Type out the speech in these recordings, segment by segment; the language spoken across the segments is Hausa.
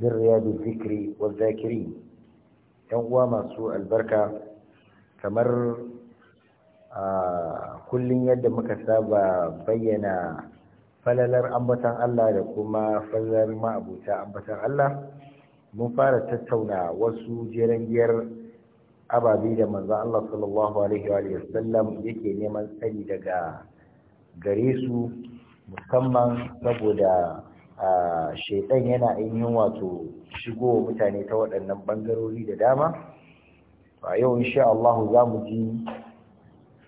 min riyadul zikri wal yan uwa masu albarka kamar kullum yadda muka saba bayyana falalar ambatan Allah da kuma falalar ma'abuta ambatan Allah mun fara tattauna wasu jerangiyar ababe da manzon Allah sallallahu alaihi wa yake neman tsari daga gare su musamman saboda shaidan yana yin wato shigo mutane ta waɗannan ɓangarori da dama a yau insha Allah za mu ji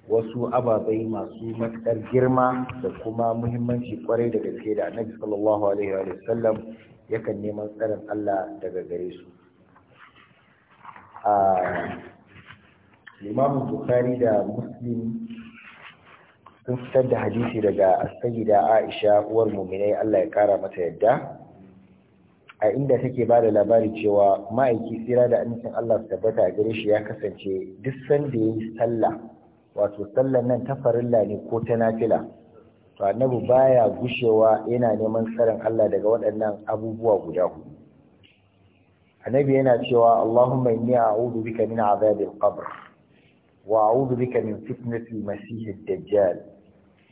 wasu ababai masu matuƙar girma da kuma muhimmanci kwarai da gaske da annabi sallallahu alaihi wa sallam yakan neman tsarin Allah daga gare su Limamin Bukhari da Muslim sun fitar da hadisi daga sayyida Aisha uwar mu'minai Allah ya kara mata yadda a inda take ba da labari cewa ma'aiki tsira da amincin Allah su tabbata a gare shi ya kasance duk sanda ya yi sallah wato sallan nan ta farilla ne ko ta nafila to annabi baya gushewa yana neman tsarin Allah daga waɗannan abubuwa guda hudu annabi yana cewa Allahumma inni a'udhu bika min adhabil qabr wa a'udhu bika min fitnatil masihid dajjal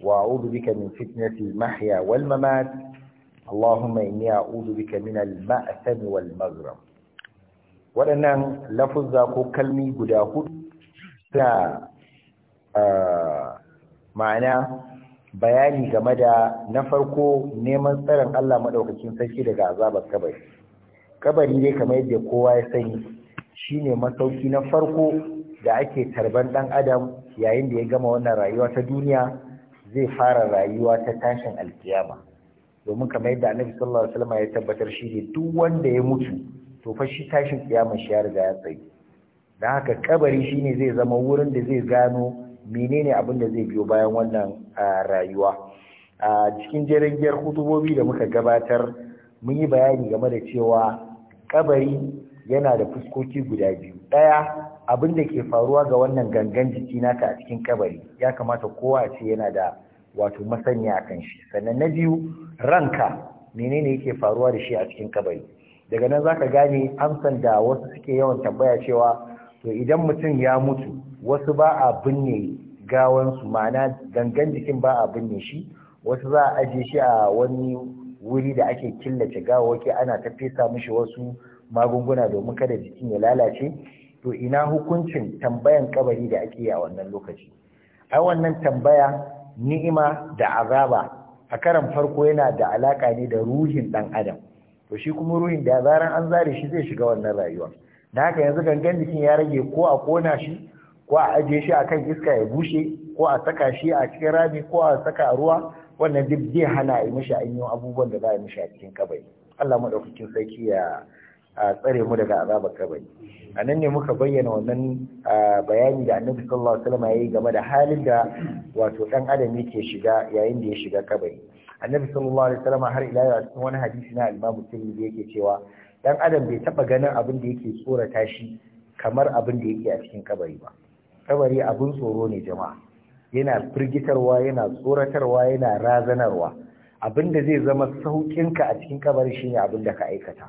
وأعوذ بك من فتنة المحيا والممات اللهم إني أعوذ بك من المأثم والمغرم waɗannan lafuzza ko kalmi guda hudu suna ma'ana bayani game da na farko neman tsaron Allah maɗaukakin sarki daga azabar kabari kabari dai kamar yadda kowa ya sani shine masauki na farko da ake tarban ɗan adam yayin da ya gama wannan rayuwa ta duniya zai fara rayuwa ta tashin alkiyama domin kamar yadda annabi sallallahu alaihi wasallam ya tabbatar shi ne duk wanda ya mutu to fa shi tashin kiyama shi ya riga ya tsaye dan haka kabari shine zai zama wurin da zai gano menene abin da zai biyo bayan wannan rayuwa a cikin jirgin hutubobi da muka gabatar mun yi bayani game da cewa kabari yana da fuskoki guda biyu ɗaya abin da ke faruwa ga wannan gangan jiki naka a cikin kabari ya kamata kowa ce yana da wato a kan shi sannan na biyu ranka menene yake faruwa da shi a cikin kabari daga nan zaka gane amsan da wasu suke yawan tambaya cewa to idan mutum ya mutu wasu ba a binne gawansu ma'ana gangan jikin ba a binne shi wasu za a aje shi a wani wuri da ake killace gawawaki ana ta fesa mishi wasu magunguna domin kada jikin ya lalace to ina hukuncin tambayan kabari da ake a wannan lokaci a wannan tambaya ni'ima da azaba a karan farko yana da alaka ne da ruhin dan adam to shi kuma ruhin da zaran an zare shi zai shiga wannan rayuwa da haka yanzu gangan jikin ya rage ko a kona shi ko a ajiye shi akan iska ya bushe ko a saka shi a cikin rami ko a saka a ruwa wannan duk zai hana a yi mishi abubuwan da za a yi mishi a cikin kabari Allah maɗaukakin sarki ya a tsare mu daga azabar kabari a nan ne muka bayyana wannan bayani da annabi sallallahu alaihi wasallam yayi game da halin da wato dan adam yake shiga yayin da ya shiga kabari annabi sallallahu alaihi wasallam har ila yau cikin wani hadisi na al-Imam Tirmidhi yake cewa dan adam bai taba ganin abin da yake tsorata shi kamar abin da yake a cikin kabari ba kabari abin tsoro ne jama'a yana firgitarwa yana tsoratarwa yana razanarwa abin da zai zama saukinka a cikin kabari shine abin da ka aikata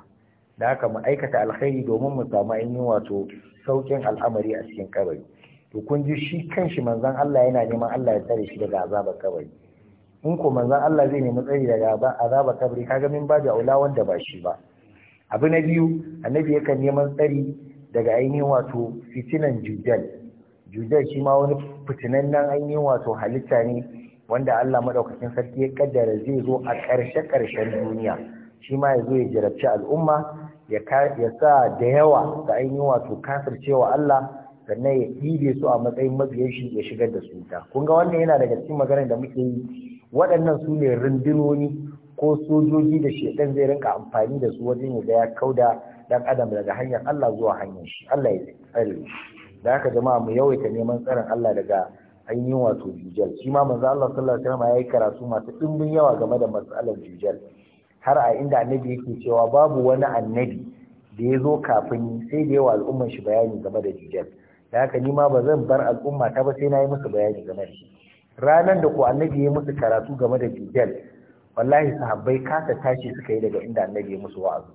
da haka mu aikata alkhairi domin mu samu ainihin wato saukin al'amari a cikin kabari to kun ji shi kanshi manzon Allah yana neman Allah ya tsare shi daga azabar kabari in ko manzon Allah zai nemi tsari daga azabar kabari kaga min ba da aula wanda ba shi ba abu na biyu annabi yakan neman tsari daga ainihin wato fitinan jujal. Jujal shi ma wani fitinannen ainihin wato halitta ne wanda Allah madaukakin sarki ya kaddara zai zo a ƙarshe ƙarshen duniya shi ma ya zo ya jarabci al'umma ya sa da yawa da ainihin wato kafircewa Allah sannan ya ɗibe su a matsayin mabiyan shi ya shigar da su ta kun ga wannan yana daga cikin maganar da muke yi waɗannan su ne rundunoni ko sojoji da shedan zai rinka amfani da su wajen yaga ya kauda dan adam daga hanyar Allah zuwa hanyar shi Allah ya tsare da haka jama'a mu yawaita neman tsarin Allah daga ainihin wato jujal shi ma manzo Allah sallallahu alaihi wasallam yi karatu masu dimbin yawa game da matsalar jujal har a inda annabi yake cewa babu wani annabi da ya zo kafin sai da yawa al'umman shi bayani game da dajjal da haka ni ma ba zan bar al'umma ta ba sai na yi musu bayani game da shi ranar da ku annabi ya musu karatu game da dajjal wallahi sahabbai kasa tashi suka yi daga inda annabi ya musu wa'azi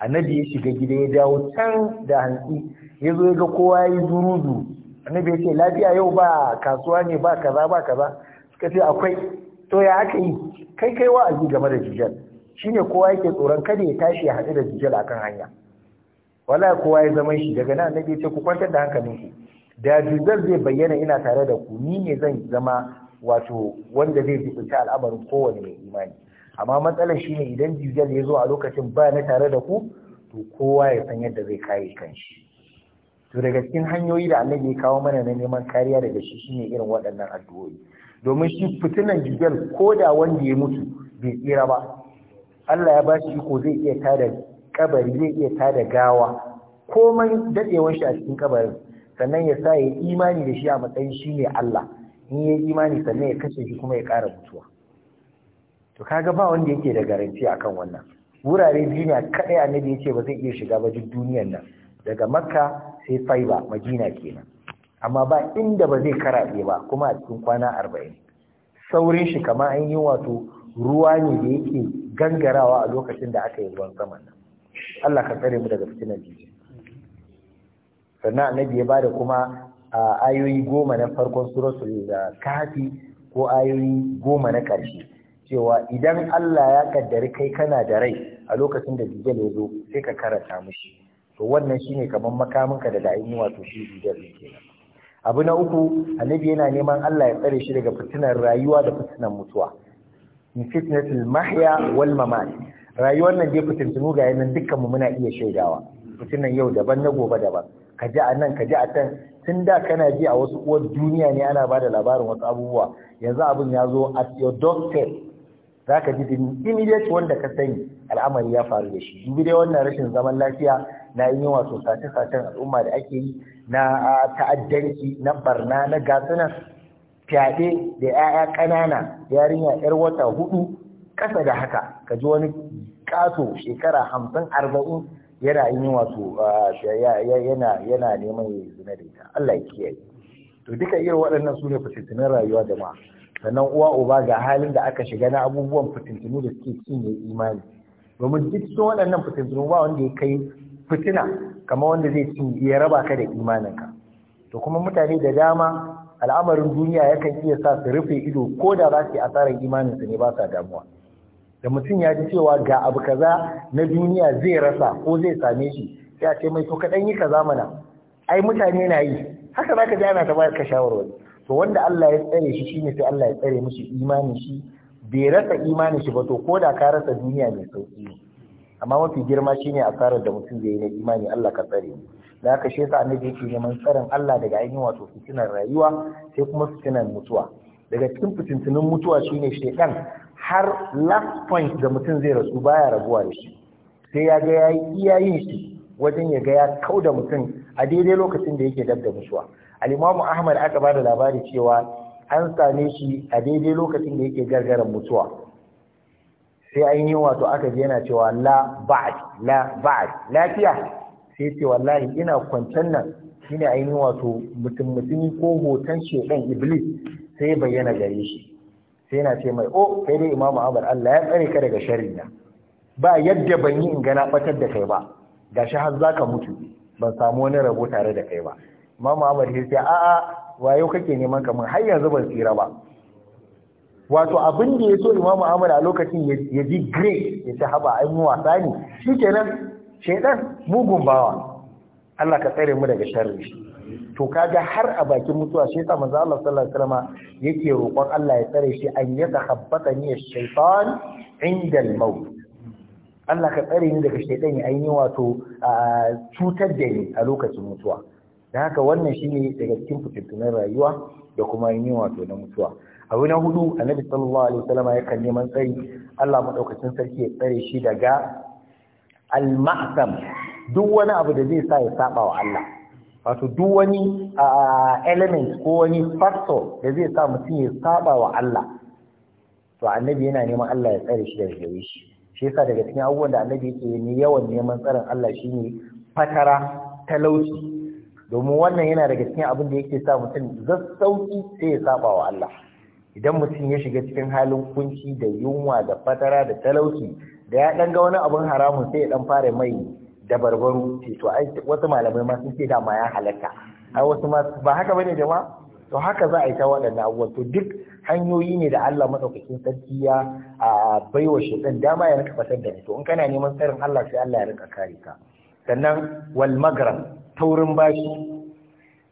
annabi ya shiga gida ya dawo can da hantsi ya zo ya ga kowa ya yi zuruzu annabi ya ce lafiya yau ba kasuwa ne ba kaza ba kaza suka ce akwai to ya aka yi kai kai wa'azi game da dajjal shine kowa yake tsoron kada ya tashi ya haɗu da jijjal kan hanya Wala kowa ya zama shi daga nan nabi ce ku kwantar da hankalinku da jijjal zai bayyana ina tare da ku ni ne zan zama wato wanda zai jibinta al'amarin kowane mai imani amma matsalar shi ne idan jijjal ya zo a lokacin ba na tare da ku to kowa ya san yadda zai kare kanshi to daga cikin hanyoyi da annabi ya kawo mana na neman kariya daga shi shine irin waɗannan addu'o'i domin shi fitinan jijjal ko da wanda ya mutu bai tsira ba Allah ya bashi iko zai iya tada kabari zai iya tada gawa komai dadewar shi a cikin kabarin sannan ya sa ya imani da shi a matsayin shi ne Allah in ya imani sannan ya kashe shi kuma ya ƙara mutuwa to kaga ba wanda yake da garanti akan wannan wurare biyu ne kadai annabi yace ba zai iya shiga ba duk duniyar nan daga makka sai faiba madina kenan amma ba inda ba zai karaɗe ba kuma a cikin kwana arba'in saurin shi kamar an yi wato ruwa ne da yake gangarawa a lokacin da aka yi ruwan saman nan Allah ka tsare mu daga fitinar jiji sannan annabi ya bada kuma ayoyi goma na farkon da kafi ko ayoyi goma na ƙarshe cewa idan Allah ya kaddari kai kana da rai a lokacin da jijjal ya zo sai ka karanta mushi to wannan shine kamar makaminka da da'ini wato shi jijjal ne kenan abu na uku annabi yana neman Allah ya tsare shi daga fitinar rayuwa da fitinar mutuwa min fitnatil mahya wal mamat rayuwar nan dai fitintunu ga yanan dukkan mu muna iya shaidawa fitinan yau daban na gobe daban ka ji a nan ka ji a can tun da kana ji a wasu uwar duniya ne ana bada labarin wasu abubuwa yanzu abin ya zo at your doctor za ka ji din immediate wanda ka sani al'amari ya faru da shi dubi dai wannan rashin zaman lafiya na yin yawa sosai sace-sacen al'umma da ake yi na ta'addanci na barna na gasunan fyaɗe da 'ya'ya ƙanana yarinya 'yar wata hudu ƙasa da haka ka ji wani ƙaso shekara hamsin arba'in yana yi wasu yana neman ya zina da ita Allah ya kiyaye to duka irin waɗannan su ne fitintunan rayuwa da ma sannan uwa uba ga halin da aka shiga na abubuwan fitintunu da suke cinye imani domin duk cikin waɗannan fitintunu ba wanda ya kai fitina kama wanda zai ci ya raba ka da imaninka to kuma mutane da dama al'amarin duniya yakan iya sa su rufe ido ko da za su yi asarar imaninsu ne ba sa damuwa da mutum ya ji cewa ga abu kaza na duniya zai rasa ko zai same shi sai a ce mai to kaɗan yi kaza mana ai mutane na yi haka za ka ji ana ta bayar ka shawarwari to wanda Allah ya tsare shi shine sai Allah ya tsare mishi imanin shi bai rasa imanin shi ba to ko da ka rasa duniya mai sauki amma mafi girma shine asarar da mutum zai yi na imani Allah ka tsare mu da aka shi yasa annabi yake neman tsarin Allah daga ainihin wato fitinar rayuwa sai kuma fitinar mutuwa daga cikin fitintunin mutuwa shine shedan har last point da mutum zai rasu baya rabuwa da shi sai ya ga yayi iya yin shi wajen ya ga ya da mutum a daidai lokacin da yake dab da mutuwa al Ahmad aka bada labari cewa an same shi a daidai lokacin da yake gargaran mutuwa sai ainihin wato aka je yana cewa la ba'd la ba'd lafiya sai ce wallahi ina kwancen nan Shi shine ainihin wato mutum mutumi ko hoton shedan iblis sai bayyana gare shi sai yana ce mai o oh, kai dai imamu ahmad Allah ya tsare ka daga sharri na ba yadda ban yi in gana batar da kai ba Ga shi har zaka mutu ban samu wani rabo tare da kai ba imamu ahmad sai ce a'a wayo kake neman kamar har yanzu ban tsira ba wato abin da ya so imamu ahmad a lokacin ya ji gire ya ta haba ainihin wasa ne shi kenan shaidan mugun bawa Allah ka tsare mu daga sharri to kaga har a bakin mutuwa shi yasa manzo Allah sallallahu alaihi wasallam yake roƙon Allah ya tsare shi an ya tahabbata ni shaitan inda al-maut Allah ka tsare ni daga shaytan ya ainihin wato cutar da ni a lokacin mutuwa da haka wannan shine daga cikin fitintunan rayuwa da kuma ainihin wato na mutuwa abu na hudu annabi sallallahu alaihi wasallam ya kan neman tsari Allah madaukakin sarki ya tsare shi daga al duk wani abu da zai sa ya saba wa Allah wato duk wani element ko wani factor da zai sa mutum ya saba wa Allah to annabi yana neman Allah ya tsare shi daga gare shi shi yasa daga cikin abubuwan da annabi yake ne yawan neman tsarin Allah shine fatara talauci domin wannan yana daga cikin abin da yake sa mutum zassauki sai ya saba wa Allah idan mutum ya shiga cikin halin kunci da yunwa da fatara da talauci da ya ɗan ga wani abin haramun sai ya ɗan fara mai da barbar wuce. to ai wasu malamai ma sun ce dama ya halatta ai wasu ma ba haka bane jama'a to haka za a yi ta waɗannan abubuwa to duk hanyoyi ne da Allah madaukakin sarki ya baiwa shaitan dama ya rika fasar da to in kana neman tsarin Allah sai Allah ya rika kare ka sannan wal magram taurin bashi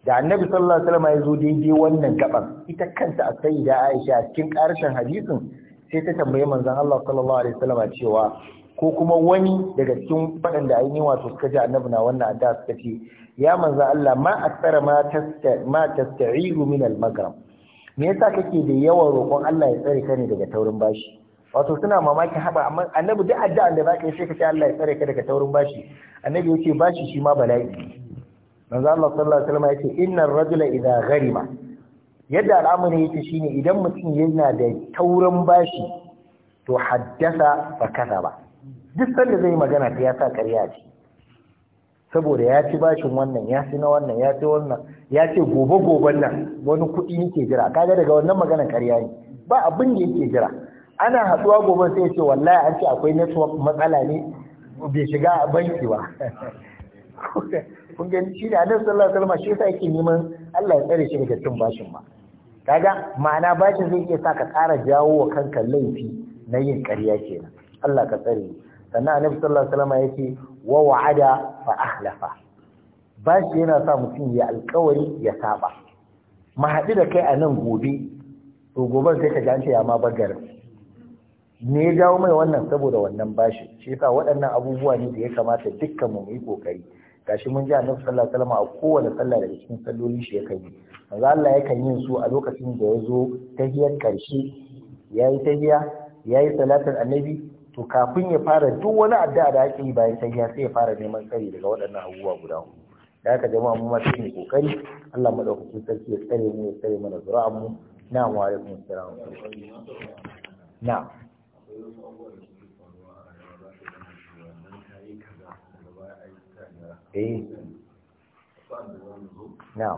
da annabi sallallahu alaihi wasallam ya zo daidai wannan gaban ita kanta a sayyida Aisha cikin karshen hadisin sai ta tambayi manzon Allah sallallahu alaihi wasallam cewa ko kuma wani daga cikin da ainihin wato suka ji annabi na wannan addu'a suka ce ya manzo Allah ma aksara ma tasta ma tasta'iru min al-maghrib me yasa kake da yawan roƙon Allah ya tsare ka ne daga taurin bashi wato suna mamaki haba amma annabi duk addu'a da zaka yi sai ka ce Allah ya tsare ka daga taurin bashi annabi yace bashi shi ma bala'i manzo Allah sallallahu alaihi wasallam yace innar rajula idha gharima yadda al'amari yake shine idan mutum yana da taurin bashi to haddasa ba kasa ba duk sanda zai magana ta ya sa ƙarya ce saboda ya ci bashin wannan ya ci na wannan ya ci wannan ya ce gobe goben nan wani kuɗi yake jira kaga daga wannan maganar ƙarya ne ba abin da yake jira ana haɗuwa gobe sai ya ce wallahi an ce akwai network matsala ne bai shiga a banki ba kun gani shi da nan sallallahu alaihi wasallam shi yasa yake neman Allah ya tsare shi daga cin bashin ba kaga ma'ana shi zai iya sa ka jawo wa kanka laifi na yin ƙarya kenan Allah ka tsare sannan annabi sallallahu alaihi wasallam yace wa wa'ada fa ahlafa bashi yana sa mutum ya alƙawari ya saba mu haɗu da kai a nan gobe to gobe sai ka gance ya ma bagar me ya jawo mai wannan saboda wannan bashi shi yasa waɗannan abubuwa ne da ya kamata dukkan mu yi ƙoƙari? gashi mun ji a sallallahu alaihi wasallam a kowane sallah daga cikin salloli shi yakan yi manzo Allah yakan yin su a lokacin da ya zo tahiyar karshe yayi tahiya yayi salatar annabi to kafin ya fara duk wani addu'a da ake yi bayan tahiya sai ya fara neman tsari daga waɗannan abubuwa guda hudu da haka jama'a mu ma sai mu kokari Allah madaukakin sarki ya tsare mu ya tsare mana zuri'an mu na'am wa alaikum assalam na'am eh na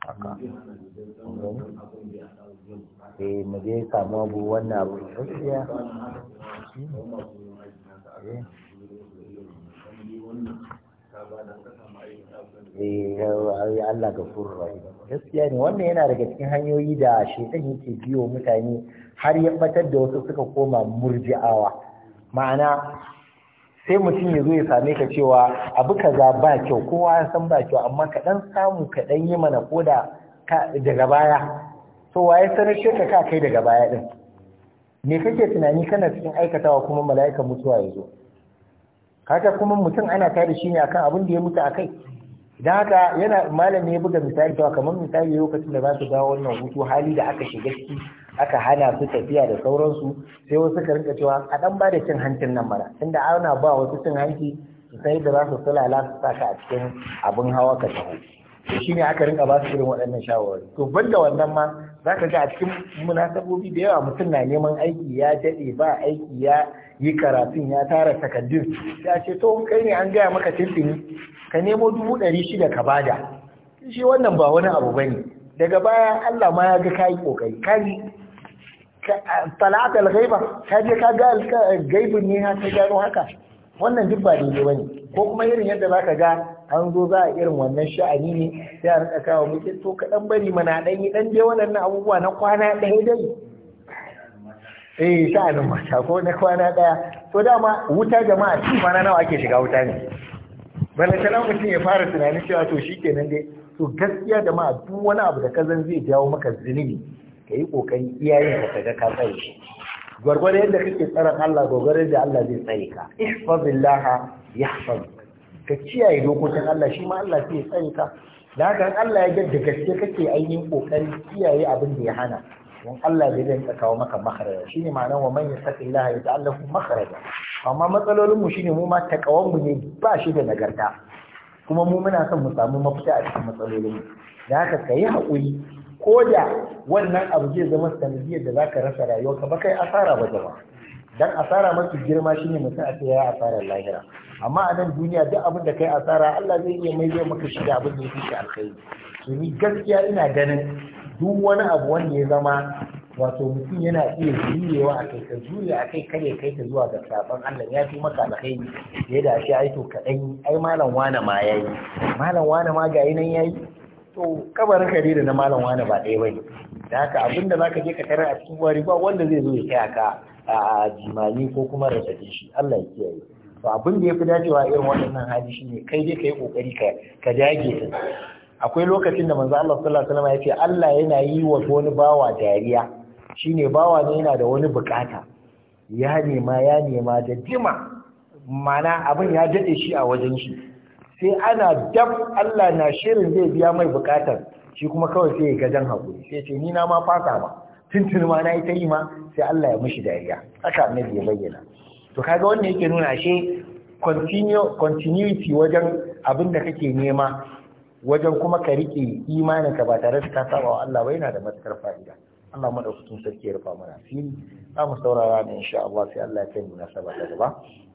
haka eh mu je samu abu wannan abu gaskiya eh. eh Allah ga furrai gaskiya ne wannan yana daga cikin hanyoyi da shedan yake biyo mutane har ya batar da wasu suka koma murji'awa ma'ana sai mutum ya zo ya same ka cewa abu kaza ba kyau kowa ya san ba kyau amma ka dan samu ka dan yi mana koda daga baya to waye sanar shirka ka kai daga baya din me kake tunani kana cikin aikatawa kuma mala'ikan mutuwa ya zo kaga kuma mutum ana tare shi ne akan abin da ya mutu akai idan haka yana malami ya buga misali cewa kamar misali lokacin da za su dawo wannan hutu hali da aka shiga ciki aka hana su tafiya da sauransu sai wasu ka rinka cewa a dan ba da cin hancin nan mana inda ana ba wasu cin hanci su sai da za su sulala su saka a cikin abin hawa ka taho shi ne aka rinka ba su irin waɗannan shawarwari to banda wannan ma za ka ga a cikin munasabobi da yawa mutum na neman aiki ya daɗe ba aiki ya yi karatun ya tara takardun ya ce to kai ne an gaya maka tintini ka nemo dubu ɗari shida ka bada shi wannan ba wani abu bane daga baya Allah ma ya ga kayi kokari kayi talat al-ghaiba ka je ka ga gaibin ne ka gano haka wannan duk ba daidai bane ko kuma irin yadda zaka ga an zo za a irin wannan sha'ani ne sai a rika kawo muke to ka dan bari mana dan yi dan je wannan abubuwa na kwana ɗaya dai eh sha'anin mata ko na kwana daya. to dama wuta jama'a cikin kwana nawa ake shiga wuta ne bala ta mutum ya fara tunanin cewa to shikenan dai to gaskiya da ma duk wani abu da kazan zai jawo maka zunubi ka yi ƙoƙari iyayen ka ga ka tsare shi gwargwado yadda kake tsaron Allah gwargwado da Allah zai tsare ka ihfazillah yahfaz ka kiyaye dokokin Allah shi ma Allah zai tsare ka da haka Allah ya ga da gaske kake ainihin ƙoƙari kiyaye abin da ya hana don Allah zai rinka kawo maka makharaja shine ma'anar wa man yattaqillaha yata'allahu makharaja amma matsalolin mu shine mu ma takawan mu ne ba shi da nagarta kuma mu muna son mu samu mafita a cikin matsalolin mu da haka kai haƙuri ko da wannan abu zai zama sanadiyar da za ka rasa rayuwarka ba kai asara ba jama'a dan asara mafi girma shine mutum a ya asarar lahira amma a nan duniya duk abin da kai asara Allah zai iya mai zai maka shiga abin da ya fi alkhairi to ni gaskiya ina ganin duk wani abu wanda ya zama wato mutum yana iya jurewa a kai ka jure a kai kare kai ta zuwa ga sabon Allah ya fi maka alkhairi da shi aito ai to kaɗan ai malam wane ma yayi malam wane ma ga nan yayi to kabarin kare da na malam wani ba ɗaya bane da haka abinda zaka je ka tare a cikin wari ba wanda zai zo ya kai ka a jimani ko kuma rasace shi Allah ya kiyaye to abin da yafi dacewa irin waɗannan hali shine kai dai kai kokari ka ka dage ta. akwai lokacin da manzo Allah sallallahu alaihi wasallam ya ce Allah yana yi wa wani bawa dariya shine bawa ne yana da wani bukata ya nema ya nema da jima mana abin ya dade shi a wajen shi sai ana dab Allah na shirin zai biya mai bukatar shi kuma kawai sai ya gajan haƙuri sai ce ni na ma fasa ma tuntun ma na yi ta yi ma sai Allah ya mishi dariya aka annabi ya bayyana to kaga wannan yake nuna shi continuity wajen abin da kake nema wajen kuma ka rike imanin ka ba tare da ka saba wa Allah ba yana da matukar fa'ida Allah madaukakin sarki ya rufa mana asiri za mu saurara ne insha Allah sai Allah ya kai mu nasaba ta gaba